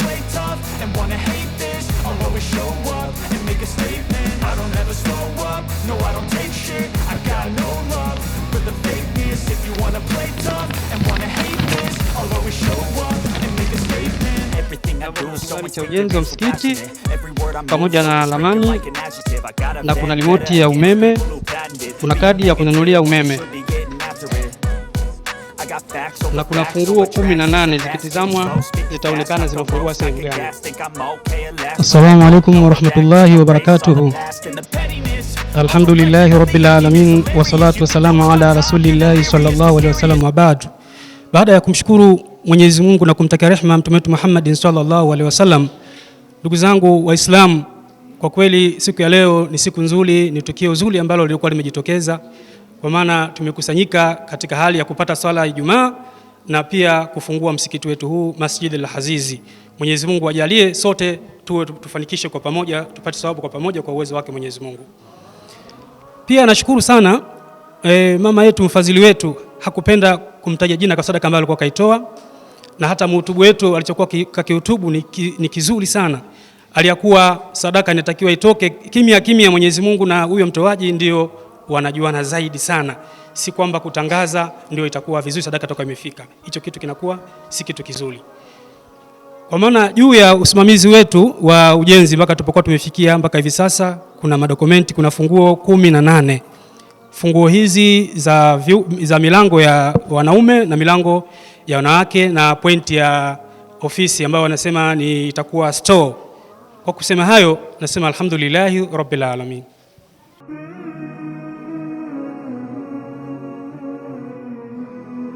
play tough and wanna hate this I'll always show up and make a statement I don't ever slow up, no I don't take shit I got no love for the fakeness If you wanna play tough and wanna hate this I'll always show up and make a statement Everything I do is so ujenzi msikiti pamoja na lamani na kuna limoti ya umeme, kuna kadi ya kununulia umeme na kuna funguo kumi na nane zikitizamwa zitaonekana zimefungua sehemu gani. Assalamu alaikum warahmatullahi wabarakatuhu. Alhamdulillahi rabbil alamin wassalatu wassalamu ala rasulillahi sallallahu alaihi wasallam wa baadu. Baada ya kumshukuru Mwenyezi Mungu na kumtakia rehema mtume wetu Muhammad sallallahu alaihi wasallam, ndugu zangu Waislamu, kwa kweli siku ya leo ni siku nzuri, ni tukio zuri ambalo lilikuwa limejitokeza kwa maana tumekusanyika katika hali ya kupata swala ya Ijumaa na pia kufungua msikiti wetu huu Masjid al hazizi Mwenyezi Mungu ajalie sote tuwe tufanikishe kwa pamoja, tupate sababu kwa pamoja kwa uwezo wake Mwenyezi Mungu. Pia nashukuru sana e, mama yetu mfadhili wetu hakupenda kumtaja jina kwa sadaka ambayo alikuwa kaitoa, na hata mhutubu wetu alichokuwa kakihutubu ni, ki, ni kizuri sana aliyakuwa sadaka inatakiwa itoke kimya kimya Mwenyezi Mungu na huyo mtoaji ndio wanajuana zaidi sana, si kwamba kutangaza ndio itakuwa vizuri, sadaka toka imefika. Hicho kitu kinakuwa si kitu kizuri. Kwa maana juu ya usimamizi wetu wa ujenzi mpaka tupokuwa tumefikia mpaka hivi sasa, kuna madokumenti, kuna funguo kumi na nane. Funguo hizi za, view, za milango ya wanaume na milango ya wanawake na pointi ya ofisi ambayo wanasema ni itakuwa store. Kwa kusema hayo, nasema alhamdulillahi rabilalamin alamin.